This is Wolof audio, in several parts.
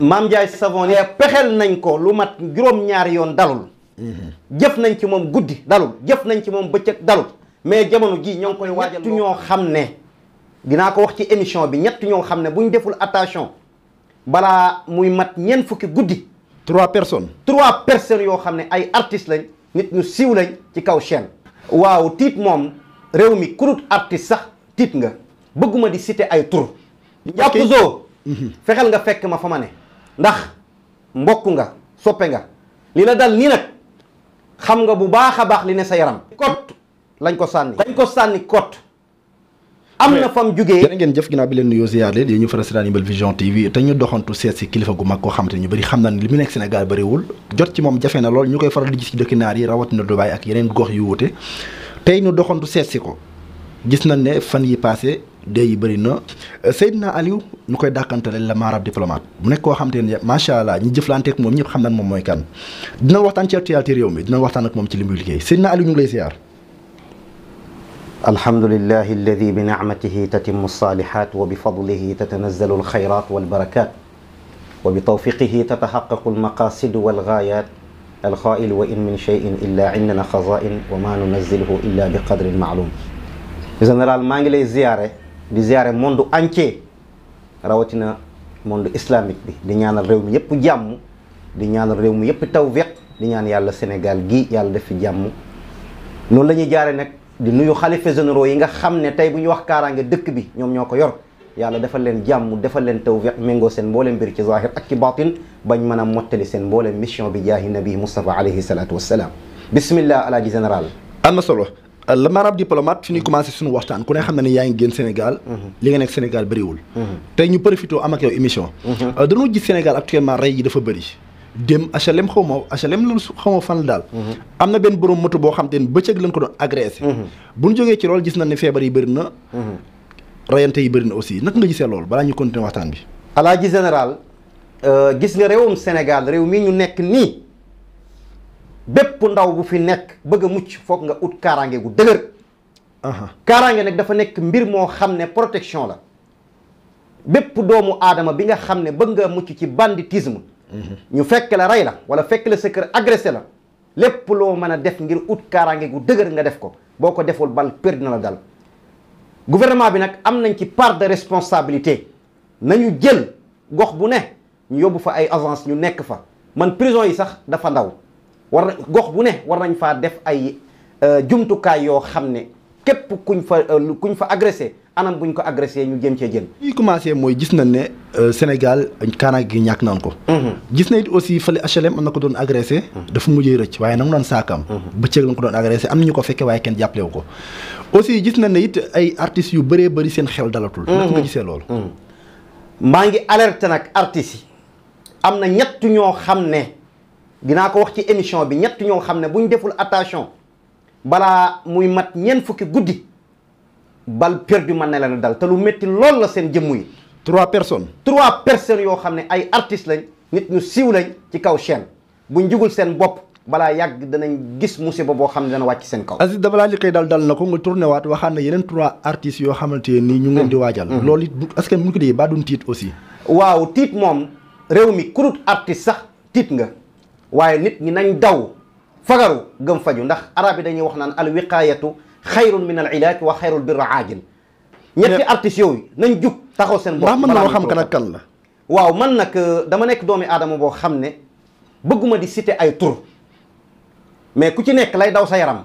maam Ndiaye savon ne pexeel nañ ko lu mat juróom-ñaari yoon dalul mhm. jëf nañ ci moom guddi dalul jëf nañ ci moom bëccëg dalul mais jamono ji ñoo ngi koy waajal ñett ñoo xam ne dinaa ko wax ci émission bi ñett ñoo xam ne bu ñu deful attention balaa muy mat ñeent fukki guddi trois personnes trois personnes yoo xam ne ay artistes lañ nit ñu siiw lañ ci kaw chaîne waaw tiit moom réew mi kurut artiste sax tiit nga bëgguma di citer ay tur jàpp zoo fexeel nga fekk ma fa ma ne ndax mbokk nga soppe nga li la dal nii nag xam nga bu baax a baax li ne sa yaram kot lañ ko sànni dañ ko sànni kot am na fam jugee jërë ngeen jëf ginnaaw bi leen nuyoo ziar leen yéen ñu faral si daan Yëmbël Vision TV te ñu doxantu koo xamante ñu bëri xam na li mu nekk senegal bëriwul jot ci moom jafe na lool ñu koy faral di gis ci dëkki naar yi rawat rawatina Dubaay ak yeneen gox yu wute tey ñu doxantu seet si ko gis nañ ne fan yi passé dee yi bëri na euh, Seydina Aliou ñu koy dàkkantale la maarab diplomate mu nekk koo xam te ne macha allah ñi jëflanteek moom ñëpp xam nañ moom mooy kan dina waxtaan ci actualité réew mi dina waxtaan ak moom ci li muy liggéey Seydina Aliou ñu ngi lay ziar. alhamdulilah alladi bi nicmatihi tatimu saalihat wa bi fadlihi tatanazalu alxayrat walbarakat wa bi tawfiqihi tataxaqaqu almaqasid walgaayat alxaail wa in min cheyin illa indana xazain wa ma nunazilhu illa bi qadrin maalum général maa ngi di ziare monde entier rawatina monde islamique bi di ñaanal réew mi yëpp jàmm di ñaanal réew mi yëpp tawfiq di ñaan yàlla Sénégal gi yàlla def jàmm noonu la ñuy jaare nag di nuyu xalifa généraux yi nga xam ne tey bu ñu wax kaaraange dëkk bi ñoom ñoo ko yor yàlla defal leen jàmm defal leen tawfiq méngoo seen mboole mbir ci zahir ak ci batin bañ mën a mottali seen mbooleem mission bi jaahi nabi Mustafa alayhi salaatu wassalaam bismillah alaaji général am na solo Euh, la maanaam diplomate fi ñuy commencé suñu waxtaan ku ne xam na ne yaa ngi génn Sénégal li nga nekk Sénégal bëriwul tey ñu profité am ak yow émission euh, dañoo gis Sénégal actuellement rey yi dafa bëri dem HLM xaw ma HLM loolu xaw ma fan la daal am na benn borom moto boo xam te bëccëg lañ ko doon agressé bu ñu jógee ci loolu gis nañ ne feebar yi bëri na rayante yi bëri na aussi naka nga gisee loolu balaa ñu continuer waxtaan bi alaaji général euh, gis bépp ndaw bu fi nekk bëgg a mucc foog nga ut kaaraange gu dëgër kaaraange nag dafa nekk mbir moo xam ne protection la bépp doomu aadama bi nga xam ne bëgg nga mucc ci banditisme mhm. ñu fekk la rey la wala fekk la sa kër agressé la lépp loo mën a def ngir ut kaaraange gu dëgër nga def ko boo ko deful bal perd la dal gouvernement bi nag am nañ ci part de responsabilité nañu jël gox bu ne ñu yóbbu fa ay agence ñu nekk fa man prison yi sax dafa ndaw war na gox bu ne war nañ faa def ay euh, jumtukaay yoo xam ne képp kuñ fa ku euh, kuñ fa agressé anam buñ ko agressé ñu jëm cee jën. li commencé mooy gis nañ ne euh, Sénégal kaana gi ñàkk naan ko. Mhm. gis na it aussi fële HLM am na ko doon agressé. Mhm. dafa mujjee rëcc waaye nangu doon saakam. Mhm. bëccëg lañ ko doon agressé am na ñu ko fekkee waaye kenn jàppalewu ko. aussi nañ ne it ay artistes yu bëree bëri seen xel dalatul. naka nga gisee loolu. maa ngi alerté nag artistes yi am na ñett ñoo xam ne. dinaa ko wax ci émission bi ñett ñoo xam ne bu ñu deful attention balaa muy mat ñeent fukki guddi bal perdu mën na leen dal te lu métti lool la seen jëmm yi. trois personnes. trois personnes yoo xam ne ay artistes lañ nit ñu siiw lañ ci kaw chaîne buñ jugul seen bopp balaa yàgg danañ gis musiba boo xam ne dana wàcc seen kaw. Aziz Dabala li koy dal dal na ko nga tourné waat waxaat na yeneen trois artistes yoo xamante ni ñu ngeen di hmm. waajal. Hmm. loolu it bu askan bu ñu ko déggee baa duñ tiit aussi. waaw tiit moom réew mi kurut artiste sax tiit nga. waaye nit ñi nañ daw fagaru gëm faju ndax arab yi dañuy wax naan al wiqayatu xayrun min al ilaaj wa xayrul a aajil ñetti artistes yooyu nañ jub taxaw seen bopp ma na xam kan ak kan la waaw man nag euh, dama nekk doomi aadama boo xam ne bëgguma di citer ay tur mais ku ci nekk lay daw sa yaram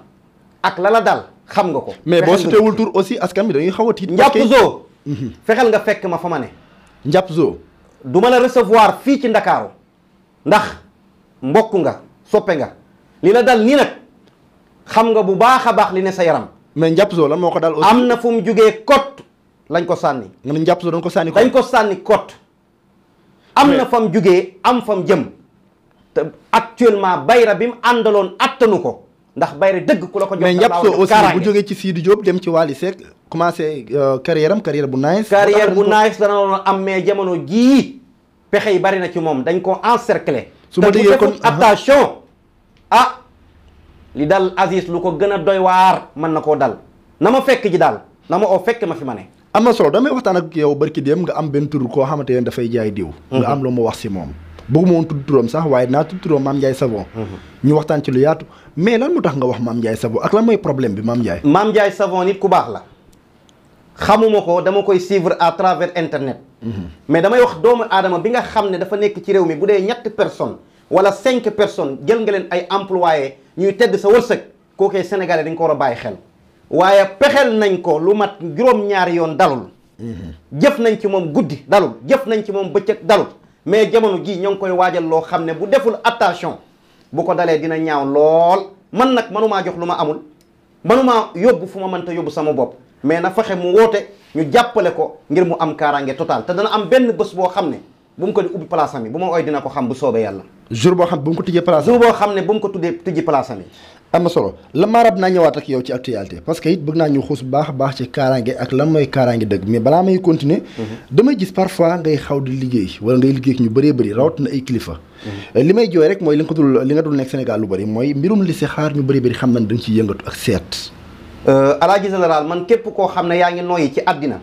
ak lala la dal xam nga ko mais boo cité wul tur aussi askan bi dañuy xaw a tiit njàpp zoo mhm. fexeel nga fekk ma fa ma ne njàpp zoo du ma la recevoir fii ci ndakaaru ndax mbokk nga soppe nga li la dal nii nag xam nga bu baax a baax li ne sa yaram. mais njàpp soo lan moo ko dal. aussi am na fu mu jugee kot lañ ko sànni. nga ne njàpp soo dañ ko sànni. dañ ko sànni kot. am na fa mu jugee am fa mu jëm. te actuellement bayra bi mu àndaloon attanu ko. ndax bayra dëgg ku la ko jox. mais njàpp soo aussi bu jógee ci Sidi Diop dem ci Wally Seck commencé euh, carrière am carrière bu nice. carrière bu nice dana doon am mais jamono jii pexe yi bari na ci moom dañ ko encercler. su ma déggee kon attention ah li dal Aziz lu ko gën a doy waar mën na koo dal na ma fekk ji daal na ma oo fekke ma fi ma ne am na solo damay waxtaan ak yow barki dem nga am benn tur koo xamante ne dafay jaay diw nga mhm. am lu ma wax si moom bëgguma woon tudd turam sax waaye naa tudd turam Mame Ndiaye Savon mhm. ñu waxtaan ci lu yaatu mais lan mu tax nga wax Mame Ndiaye Savon ak la mooy problème bi Mame Ndiaye Mame Ndiaye Savon nit ku baax la xamuma ko dama koy suivre à travers internet mais damay wax doomu aadama bi nga xam ne dafa nekk ci réew mi bu dee ñetti personne wala cinq personne jël nga leen ay employés ñuy tedd sa wërsëg kookee sénégalais dañ ko war a bàyyi xel waaye pexeel nañ ko lu mat juróom-ñaari yoon dalul jëf nañ ci moom guddi dalul jëf nañ ci moom bëccëg dalul mais jamono jii ñoo ngi koy waajal loo xam ne bu deful attention bu ko dalee dina ñaaw lool man nag mënumaa jox lu ma amul mënumaa yóbbu fu ma mënta yóbbu sama bopp ñu jàppale ko ngir mu am kaaraange total te dana am benn bés boo xam ne bu mu ko di ubbi place am yi bu ma ooy dina ko xam bu soobee yàlla jour boo xam bu mu ko tijjee place boo xam ne bu mu ko tuddee tijji place am yi am na solo la maarab naa ñëwaat ak yow ci actualité parce que it bëgg naa ñu xuus baax baax ci kaaraange ak lan mooy kaaraange dëgg mais balaa may continuer mhm. damay gis parfois ngay xaw di liggéey wala ngay liggéey ak ñu bëree bëri rawatina ay kilifa mhm. li may jooy rek mooy li nga ko dul li nga dul nekk Sénégal lu bëri mooy mbirum li si xaar ñu bëri bëri xam nañ dañ ciy yëngatu ak Euh, la général man képp koo xam ne yaa ngi nooyi ci addina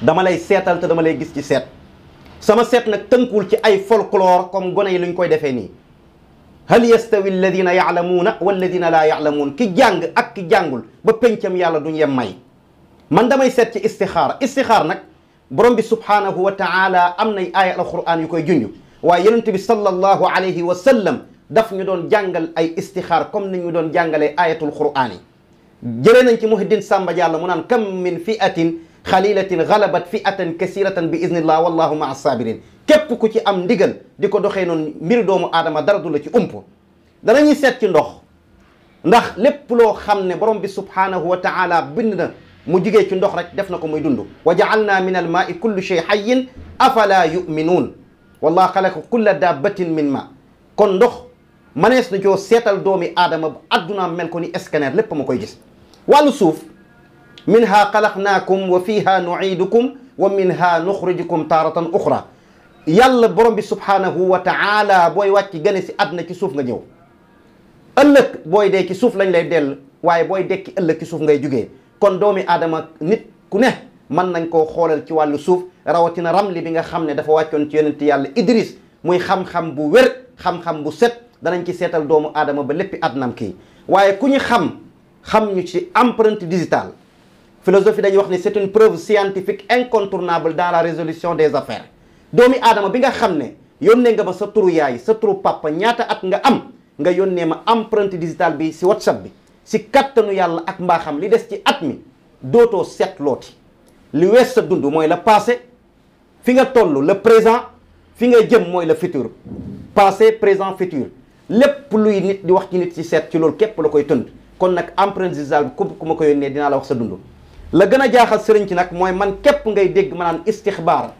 dama lay seetal te dama lay gis ci seet sama seet nag tënkuwul ci ay folklore comme gone yi lu ñu koy defee nii hal yastawi alladina yaalamuuna walladina laa yaalamuun ki jàng ak jàngul ba pencam yàlla duñ yem may man damay seet ci istixaara nag borom bi subhaanahu wa taala am nay aaya alquran yu koy junj waaye yonent bi sallallahu alayhi wa sallam daf ñu doon jàngal ay istixaar comme na ñu doon jàngalee ayatul quraan yi jëlee nañ ci Muhiddin Samba Diallo mu naan kam min fi'atin xalilatin galabat fi'atan kasiratan bi iznillah wallahu maa sabirin képp ku ci am ndigal di ko doxee noonu mbir doomu aadama dara du la ci ump danañuy seet ci ndox ndax lépp loo xam ne borom bi subhanahu wa taala bind na mu jugee ci ndox rek def na ko muy dund wa jaalna min al maai kullu shay hayyin afala yuminuun wallah xalaqa kulla dabbatin min ma kon ndox manees na joo seetal doomi aadama bu addunaam mel ko ni scanner lépp ma koy gis wàllu suuf minha xalaqnaakum wa fiha nuidukum wa minha nuxrijukum taaratan uxra yàlla borom bi subhaanahu wa taala booy wàcc gane si àdduna ci suuf nga ñëw ëllëg booy dee suuf lañ lay dell waaye booy dekki ëllëg ki suuf ngay jugee kon doomi aadama nit ku ne mën nañ koo xoolal ci wàllu suuf rawatina li bi nga xam ne dafa wàccoon ci yonent yàlla Idris muy xam-xam bu wér xam-xam bu set danañ ci seetal doomu aadama ba léppi àddunaam ki waaye ku ñu xam xam ñu ci empreinte digitale philosophie dañuy wax ni c'est une preuve scientifique incontournable dans la résolution des affaires doomi aadama bi nga xam ne yónnee nga ba sa turu yaay sa turu papa ñaata at nga am nga yónnee ma empreinte digitale bi si whatsapp bi si kattanu yàlla ak mbaaxam li des ci at mi dootoo seetlooti li wees sa dund mooy la passé fi nga toll le présent fi nga jëm mooy le futur passé présent futur lépp luy nit di wax ci nit ci seet ci loolu képp la koy tënd kon nag empreinte digitale bi ku ma ko yónnee dinaa la wax sa dund la gën a jaaxal sëriñ ci nag mooy man képp ngay dégg ma naan istixbaar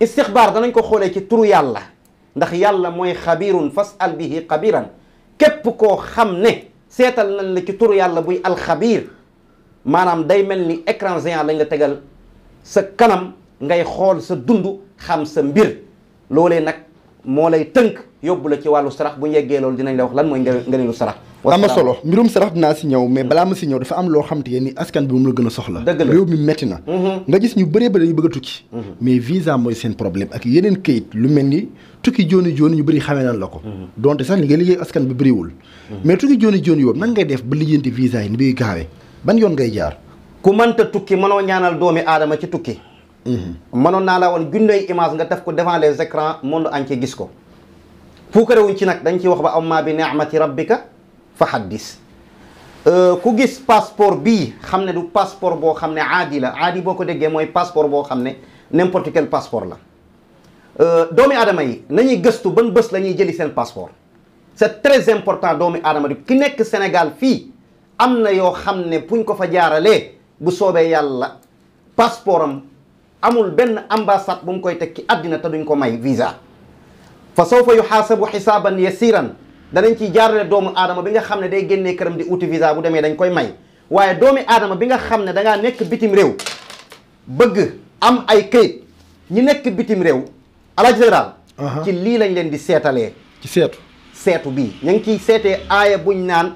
istixbaar nañ ko xoolee ci turu yàlla ndax yàlla mooy xabirun fasal bihi xabiran képp koo xam ne seetal nañ la ci turu yàlla buy alxabir maanaam day mel ni écran géant lañ la tegal sa kanam ngay xool sa dund xam sa mbir loolee nag moo lay tënk yóbbu la ci wàllu sarax bu ñu yeggee loolu dinañ la wax lan mooy ngëneelu sarax am na solo mbirum sarax dinaa si ñëw mais balaa ma si ñëw dafa am loo xam te ni askan bi moom la gën a soxla réew mi metti na mhm. nga gis ñu bëree bëri dañu bëgg a tukki mhm. mais mel ni tukki jooni jooni ñu bëri xamee nan la ko mhm. donte sax li ngay liggéey bi bëriwul mais tukki jooni jooni yoobu nan ngay def ba lijjanti visa yi ni muy gaawee ban yoon ngay jaar ku mënta tukki mënoo ñaanal doomi aadama ci tukki mënoon naa la woon gundoy image nga def ko devant les écrans monde entier gis ko puukarewuñ ci nag dañ ciy wax ba amma bi ni'mati rabbika fa xaddis euh, ku gis passeport bii xam ne du passeport boo xam ne aadi la aadi boo ko déggee mooy passeport boo xam ne n'importe quel passeport la euh, doomi aadama yi nañuy gëstu ban bés la ñuy jëli seen passeport c'est très important doomi adama di ki nekk senegal fii am na yoo xam ne buñ ko fa jaaralee bu soobee yàlla passeport am amul benn ambassade bu mu koy teg ci àddina te duñ ko may visa fa sawfa yuxaasabu xisaaban yasiran danañ ciy jaarale doomu aadama bi nga xam ne day génnee këram di uti bu demee dañ koy may waaye doomi aadama bi nga xam ne dangaa nekk bitim réew bëgg am ay këyit ñi nekk bitim réew ala général ci lii lañ leen di seetalee ci seetu seetu bii ñu ngi ciy seetee aaya buñ naan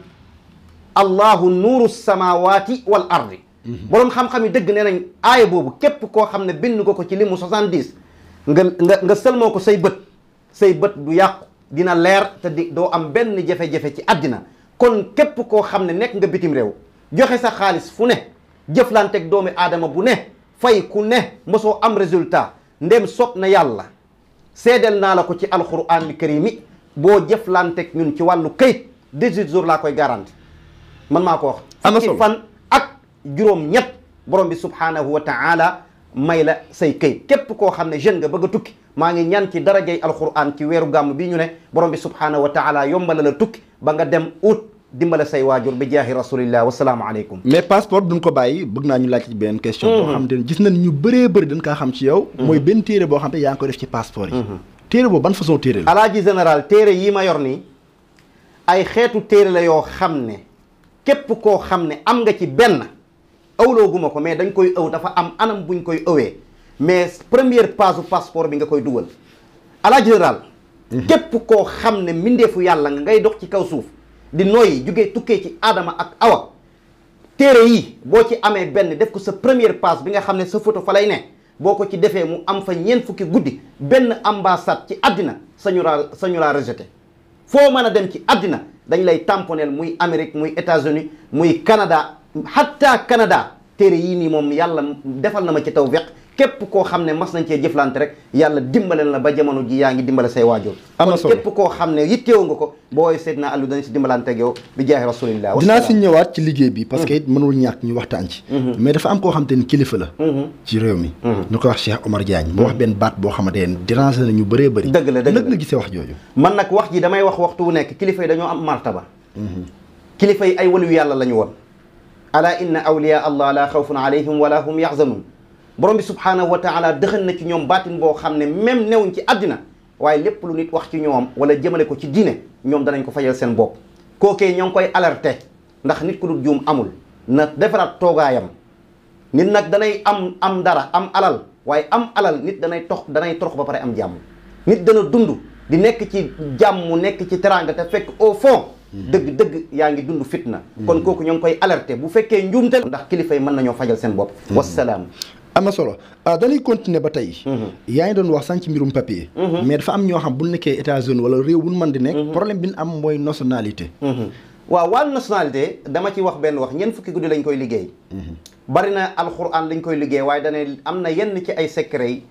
allahu nuuru samawati wal ardi mhm. boroom xam-xam yi dëgg nee nañ aaya boobu képp koo xam ne bind ko ko ci limu soixante-dix nga nga nga ko say bët say bët du yàqu dina leer te di doo am benn jafe-jafe ci àddina kon képp koo xam ne nekk nga bitim réew joxe sa xaalis fu ne jëflanteeg doomi aadama bu ne fay ku ne mosoo am résultat ndem soog na yàlla seedeel naa la ko ci alxuraanul kariimi boo jëflanteeg ñun ci wàllu kayit 18 jours laa koy garanti man maa ko wax. fukki fan ak juróom-ñett borom bi subhaanahu wa taala may la say kayit képp koo xam ne jeune nga bëgg a tukki. maa ngi ñan ci dara darajay alquran ci weeru gàmm bi ñu ne borom bi subhaanahu wa taala yombala la tukki ba nga dem ut dimbale say waajur bi jaahi rasulillah wasalaamaaleykum mais passeport duñ ko bàyyi bëgg naa ñu laaj benn question boo hmm. ne gis nañ ñu bëree bëri dañ kaa xam ci yow hmm. mooy benn téere boo xam te yaa ko def ci passeport yi hmm. téere boobu ban façon téere la alaaji général téere yi ma yor nii ay xeetu téere la yoo xam ne képp koo xam ne am nga ci benn awloo ko mais dañ koy ëw dafa am anam buñ koy ëwee mais première page passeport bi nga koy dugal à la générale mhm. képp koo xam ne mbindeefu yàlla nga ngay dox ci kaw suuf di nooyi jugee tukkee ci aadama ak awa téere yi boo ci amee benn def ko sa première page bi nga xam ne sa photo fa lay ne boo ko ci defee mu am fa ñeent fukki guddi benn ambassade ci àddina sañu laa sañu foo mën a dem ci àddina dañ lay tamponel muy Amérique muy États-Unis muy Canada hatta Canada téere yii nii moom yàlla defal na ma ci tawfeex képp koo xam ne mas nañ cee jëflante rek yàlla dimbale la ba jamono ji yaa ngi dimbale say waajur kon képp koo xam ne yitteewu nga ko boo woowee Seydina Aliou dana si dimbalante ak yow bi jaaye rasulillah dinaa si ñëwaat ci liggéey bi parce que hmm. it mënul ñàkk ñu waxtaan ci hmm. mais dafa am koo xam te ni kilifa la hmm. ci réew mi ñu koy wax Cheikh Omar Diagne mu wax benn baat boo xamante ne déranger na ñu bëree bëri dëgg la dëgg la nag nga gisee wax jooju man nag wax ji damay wax waxtu wu nekk kilifa yi dañoo am martaba kilifa yi ay walu yàlla la ñu woon ala inna awliya allah la xawfun alayhim wala hum yaxzanun borom bi subhaanahu wa taala dëxën na ci ñoom baatin boo xam ne même newuñ ci àddina waaye lépp lu nit wax ci ñoom wala jëmale ko ci diine ñoom danañ ko fajal seen bopp kookee ñoo ngi koy alerté ndax nit ku juum amul na defaraat toogaayam nit nag danay am am dara am alal waaye am alal nit danay tox danay torox ba pare am jàmm nit dana dund di nekk ci jàmm nekk ci teraanga fekk au fond dëgg-dëgg hmm. yaa ngi dund fitna kon hmm. kooku ñoo ngi koy alerté bu fekkee njuumte ndax kilifa yi mën nañoo fajal seen bopp hmm. wassalaam am na solo ah dañuy ba tey. Mhm. yaa ngi doon wax sànq mbirum papier. Mhm. mais dafa am ñoo xam bu ñu nekkee États-Unis wala réew bu ñu mën nekk. Mhm. problème bi ñu am mooy nationalité. waaw wàllu nationalité dama ci wax benn wax ñeent fukki guddi lañ koy liggéey. bari na alxuraan lañ koy liggéey waaye dane am na yenn ci ay secret yi.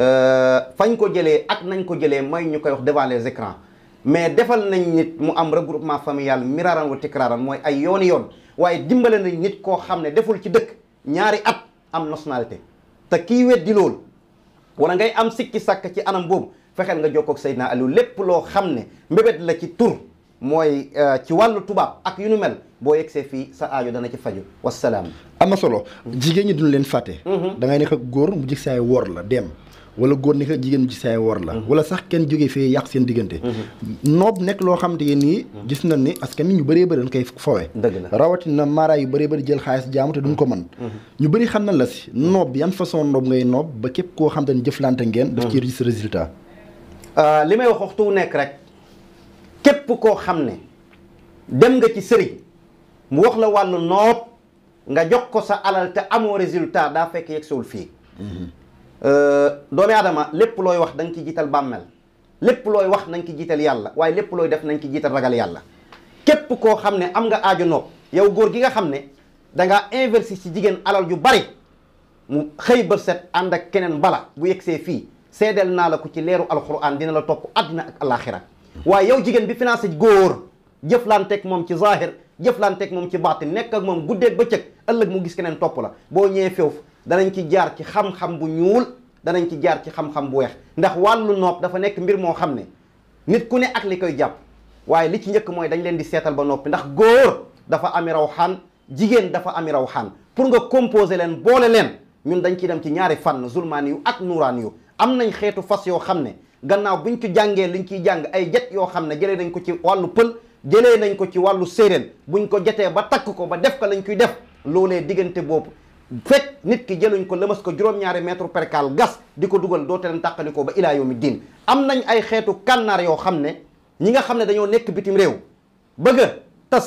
Euh, fañ ko jëlee ak nañ ko jëlee may ñu koy wax devant les écrans mais defal nañ nit mu am regroupement familial miraaran wa tikraaran mooy ay yooni yoon waaye dimbale nañ nit koo xam ne deful ci dëkk ñaari at am nationalité. te kii weddi loolu wala ngay am sikki sàkk ci anam boobu fexeel nga jokkoog Seydina Aliou lépp loo xam ne mbebet la ci tur mooy euh, ci wàllu tubaab ak yu nu mel boo yegsee fii sa aajo dana ci faj wasalaam. am na solo. jigéen ñi duñ leen fàtte. Mm-hmm. da nekk ak góor mu jig saay woor la dem. wala góor ni ko jigéen ci saay war la mhm. wala sax kenn jógee fee yàq seen diggante mhm. noob nekk loo xam te nii mhm. gis nañ ni askan wi ñu bëree bëri dañ koy fowe rawatina maara yu bëree bëri jël xaalis jaamu te duñ ko man ñu bëri xam na la si noob yan façon noob ngay noob ba képp koo xam te ne jëflante ngeen daf ci gis résultat euh, li may wax nekk rek képp koo xam ne dem nga ci sëriñ mu wax la wàllu noob nga jox ko sa alal te amoo résultat daa fekk yegg fii Euh, doomi aadama lépp looy wax da nga ci jiital bàmmel lépp looy wax nañ ci jiital yàlla waaye lépp looy def nañ ci jiital ragal yàlla képp koo xam ne am nga aajo noog yow góor gi nga xam ne dangaa investir ci jigéen alal ju bari mu xëy ba set ànd ak keneen bala bu yegsee fii seedeel naa la ko ci leeru alquran dina la topp àddina ak alaxira waaye yow jigéen bi financé góor jëflanteeg moom ci zahir jëflanteeg moom ci baatin nekk ak moom guddeeg bëccëg ëllëg mu gis keneen topp la boo ñëwee foofu danañ ci jaar ci xam-xam bu ñuul danañ ci jaar ci xam-xam bu weex ndax wàllu nopp dafa nekk mbir moo xam ne nit ku ne ak li koy jàpp waaye li ci njëkk mooy dañ leen di seetal ba noppi ndax góor dafa ami raw xaan jigéen dafa ami raw xaan pour nga composer leen boole leen ñun dañ ciy dem ci ñaari fànn zulmaani yu ak nuuraan yu am nañ xeetu fas yoo xam ne gannaaw buñ ko jàngee liñ ciy jàng ay jet yoo xam ne jëlee nañ ko ci wàllu pël jëlee nañ ko ci wàllu séeréen buñ ko jetee ba takk ko ba def ko lañ koy def loolee diggante boobu fekk nit ki jëluñ ko lëmas ko juróom-ñaari mètre percal gas di ko dugal doo leen tàqali ko ba ilaa yawmi am nañ ay xeetu kànnaar yoo xam ne ñi nga xam ne dañoo nekk bitim réew bëgg a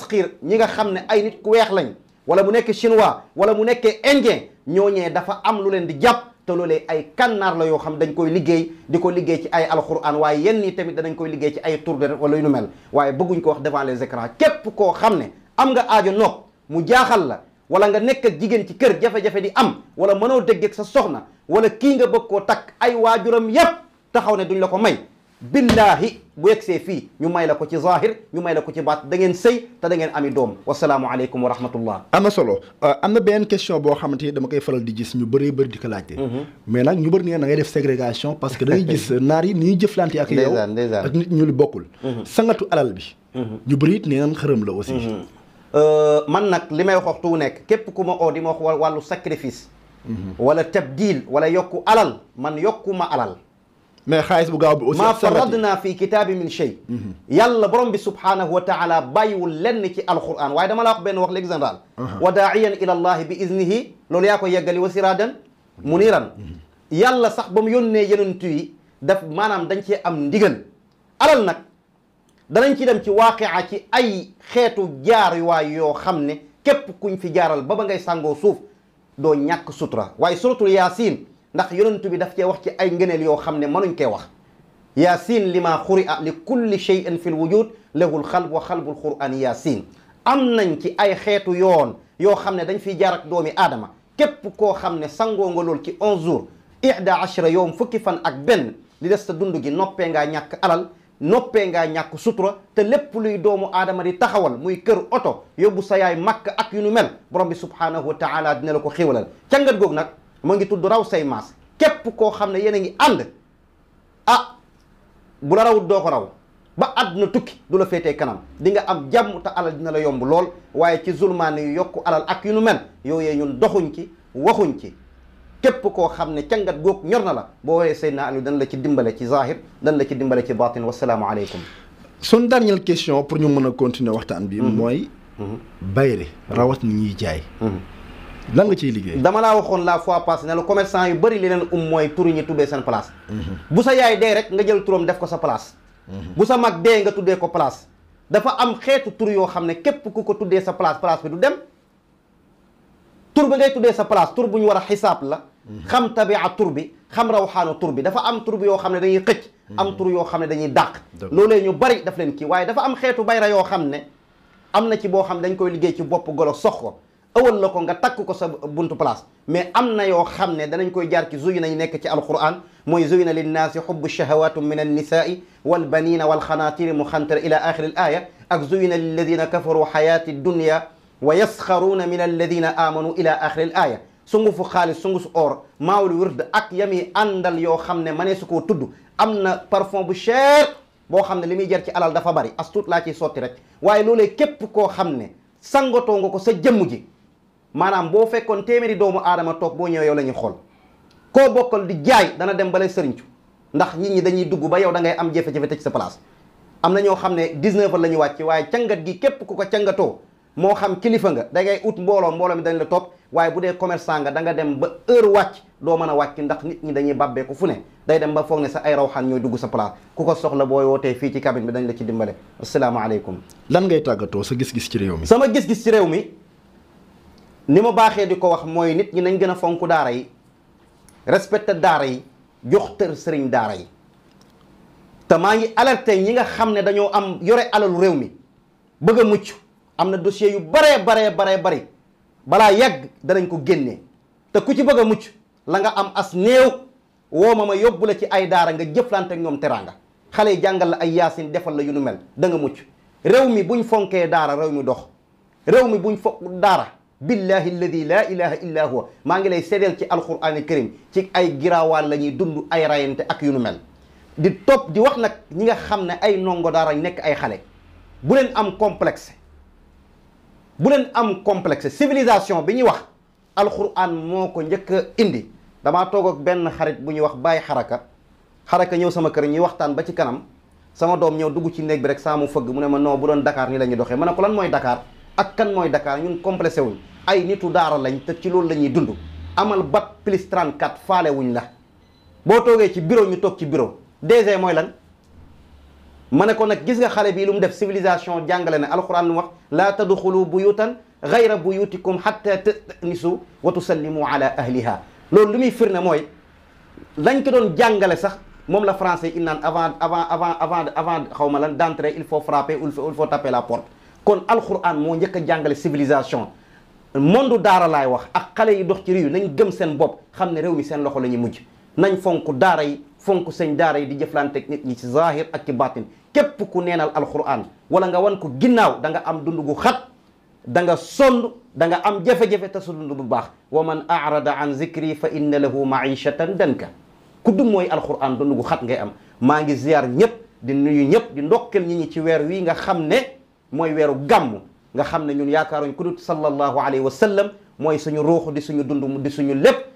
ñi nga xam ne ay nit ku weex lañ wala mu nekk chinois wala mu nekkee ñoo ñooñee dafa am lu leen di jàpp te loolee ay kannaar la yoo xam dañ koy liggéey di ko liggéey ci ay alquran waaye yenn yi tamit danañ koy liggéey ci ay tour de wala yu nu mel waaye bëgguñ ko wax devant les écrans képp koo xam ne am nga aajo nopp mu jaaxal la wala nga nekk ak jigéen ci kër jafe-jafe di am wala mënoo dëgg ak sa soxna wala kii nga bëgg koo takk ay waajuram yépp taxaw ne duñ la ko may billahi bu yegsee fii ñu may la ko ci zahir ñu may la ko baat da sëy te da ngeen ami doom wasalaamualeykum wa rahmatullah am na solo euh, am boo xamante ni dama koy faral di gis ñu bëree bëri di ko laajte mm-hmm. mais que dangay gis naar yi ni ñuy jëflante ak yow mm-hmm. alal bi mm-hmm. ñu bëri it nee xërëm la aussi Euh, man nag li may wax waxtu wu nekk képp ku ma oo di ma wax wàllu sacrifice. Mhm. wala tabdil wala yokku alal man yokku ma alal. mais xaalis bu gaaw bi aussi. maa faradna fi kitaabi min shay. Mhm. yàlla borom bi subhaanahu wa taala bàyyiwul lenn ci alquran waaye dama laa wax benn wax léegi général. Uh-huh. wa daa'iyan ila allahi bi iznihi loolu yaa ko yeggali wa siraadan muniiran. Mhm. yàlla sax ba mu yónnee yonent yi daf maanaam dañ cee am ndigal alal nag. danañ ci dem ci waaqia ci ay xeetu jaar waay yoo xam ne képp kuñ fi jaaral ba ba ngay sangoo suuf doo ñàkk sutura waaye suratul yaasin ndax yonentu bi daf cee wax ci ay ngëneel yoo xam ne mënuñ koy wax yaasin lima xuri a li kulli shay'in fi l wujud lahul xalb wa xalbul quran yaasin am nañ ci ay xeetu yoon yoo xam ne dañ fiy jaar ak doomi aadama képp koo xam ne sangoo nga lool ci onze jours ihda ashra yowm fukki fan ak benn li des sa dund gi noppee ngaa ñàkk alal noppee ngaa ñàkk sutura te lépp luy doomu aadama di taxawal muy kër oto yóbbu sa yaay màkk ak yu nu mel borom bi subhaanahu wa taala dina la ko xiwalal cangat googu nag moo ngi tudd raw say maas képp koo xam ne yéen a ngi ànd ah bu la rawut doo ko raw ba àdduna tukki du la féetee kanam di nga am jàmm te alal dina la yomb lool waaye ci zulmaan yu yokku alal ak yu nu mel yooyee ñun doxuñ ci waxuñ ci képp koo xam ne cangat góog ñor na la boo woowee Seydina Aliou dañ la ci dimbale ci zahir dañ la ci dimbale ci baatin wasalaamu aleykum suñ dernière question pour ñu mën a continuer waxtaan bi mm-hmm. mooy mm-hmm. bayre rawat ni ñuy jaay mm-hmm. lan nga ciy liggéey dama laa waxoon la fois passée ne la commerçant yu bëri leen um mooy turu ñi tuddee seen place bu sa yaay dee rek nga jël turam def ko sa place bu sa mag dee nga tuddee ko place dafa am xeetu tur yoo xam ne képp ku ko tuddee sa place place bi du dem tur bi ngay tuddee sa place tur bu ñu war a xisaab la xam tabia tur bi xam rawxaanu tur bi dafa am tur bi yoo xam ne dañuy xëcc am tur yoo xam ne dañuy dàq loolee ñu bari daf leen kii waaye dafa am xeetu bayra yoo xam ne am na ci boo xam ne dañ koy liggéey ci boppu golo sox ko ëwal la ko nga takk ko sa buntu place mais am na yoo xam ne danañ koy jaar ci zuyina yi nekk ci alquran mooy zuyina linnaasi xubbu shahawaatu min annisaai walbanina walxanaatiri muxantara ila axiri al aya ak zuyina lilladina kafaru xayaati dunia wa yasxaruuna min alladina amanu ila axiril aaya sungufu xaalis sungufu or maawul wird ak yami àndal yoo xam ne ma ne su koo tudd am na parfum bu cher boo xam ne li muy jar ci alal dafa bari as laa ciy sotti rek waaye loolee képp koo xam ne sangatoo nga ko sa jëmm ji maanaam boo fekkoon téeméeri doomu aadama toog boo ñëwee yow la ñuy xool koo bokkal di jaay dana dem bale sëriñcu ndax nit ñi dañuy dugg ba yow da ngay am jafe-jafe te ci sa place am na ñoo xam ne 19 la ñu wàcc waaye cangat gi képp ku ko cangatoo moo xam kilifa nga dangay ut mbooloo mbooloo mi dañ la topp waaye bu dee commerçant nga danga dem ba heure wàcc doo mën a wàcc ndax nit ñi dañuy bàbbeeku fu ne day dem ba foog ne sa ay raw rawxaan ñoo dugg sa place ku ko soxla booy wootee fii ci cabine bi dañ la ci dimbale asalaamaaleykum lan ngay tàggatoo sa gis-gis ci réew mi sama gis-gis ci réew mi ni ma baaxee di ko wax mooy nit ñi nañ gën a fonk daara yi respecté daara yi jox tër sëriñ daara yi te maa ngi alerté ñi nga xam ne dañoo am yore alalu réew mi bëgg a am na dossier yu baree baree baree bari balaa yàgg danañ ko génnee te ku ci bëgg mucc la nga am as woo ma ma yóbbu la ci ay daara nga jëflante ak ñoom teraanga xale yi jàngal la ay yaasin defal la yu nu mel danga mucc réew mi buñ fonkee daara réew mi dox réew mi buñ fo daara billahi alladi la ilaha illa huwa maa ngi lay seddeel ci alquran karim ci ay giraawaan la ñuy dund ay rayante ak yu nu mel di topp di wax nag ñi nga xam ne ay ndongo daara nekk ay xale bu leen am complexe bu leen am complexe civilisation bi ñu wax alxuraan moo ko njëkk a indi damaa toog ak benn xarit bu ñuy wax bàyyi xaraka xaraka ñëw sama kër ñuy waxtaan ba ci kanam sama doom ñëw dugg ci néeg bi rek saa mu fëgg mu ne ma non bu doon dakaar nii la ñuy doxee ma ne ko lan mooy Dakar ak kan mooy dakaar ñun complexé wuñ ay nitu daara lañ te ci loolu la ñuy dund amal bat plus 34 faale wuñ la boo toogee ci bureau ñu toog ci bureau DG mooy lan. ma ne ko nag gis nga xale bii lu def civilisation jàngale na alxuraan lu mu wax laa tadxulu buyutan gayra buyutikum xatta tatanisu wa tusallimu ala ahliha loolu li muy firnde mooy lañ ko doon jàngale sax moom la français innan naan avant avant avant avant avant xaw ma lan d'entrer il faut frapper il faut il faut taper la porte kon alxuraan moo njëkk a jàngale civilisation monde daara laay wax ak xale yi dox ci réew nañ gëm seen bopp xam ne réew mi seen loxo la ñuy mujj nañ fonk daara yi fonk sëñ daara yi di jëflante nit ñi ci zahir ak ci baatin képp ku neenal alquran wala nga wan ko ginnaaw da nga am dund gu xat da nga sond da nga am jafe-jafe te sa dund bu baax wa man arada an zikri fa inna lahu maishatan danka ku du mooy alquran dund gu xat ngay am maa ngi ziar ñëpp di nuyu ñëpp di ndokkel ñi ñi ci weer wii nga xam ne mooy weeru gàmm nga xam ne ñun yaakaaruñ ku dut sallallahu alayhi wa sallam mooy suñu ruux di suñu dund di suñu lépp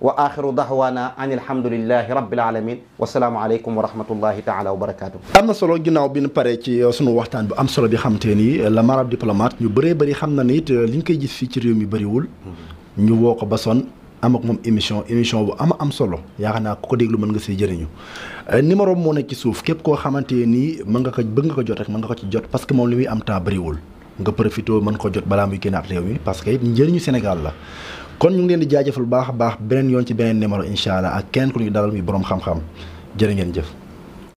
wa axiru dahwaana an alhamdulillahi rabbil alamin wasalaamu aleykum wa rahmatullahi taala wa barakatu am na solo ginnaaw bi ñu paree ci uh, waxtaan bu am solo bi xamante ni uh, la maraab diplomate ñu bëree bëri xam na ne it uh, li ñu koy gis fii ci réew mi bëriwul ñu woo ko ba son am ak moom émission émission bu ama am solo yaakaar naa ku ko déglu mën nga siy jëriñu numéro moo nekk ci suuf képp koo xamante nii mën nga ko bëgg nga ko jot rek mën nga ko ci jot parce que moom li muy am temps bëriwul nga profité mën ko jot balaa muy génnaat réew mi parce que it njëriñu Sénégal la kon ñu ngeen di di jaajëfal baax a baax beneen yoon ci beneen numéro incha allah ak kenn ku ñu dalal muy borom xam-xam jërë ngeen jëf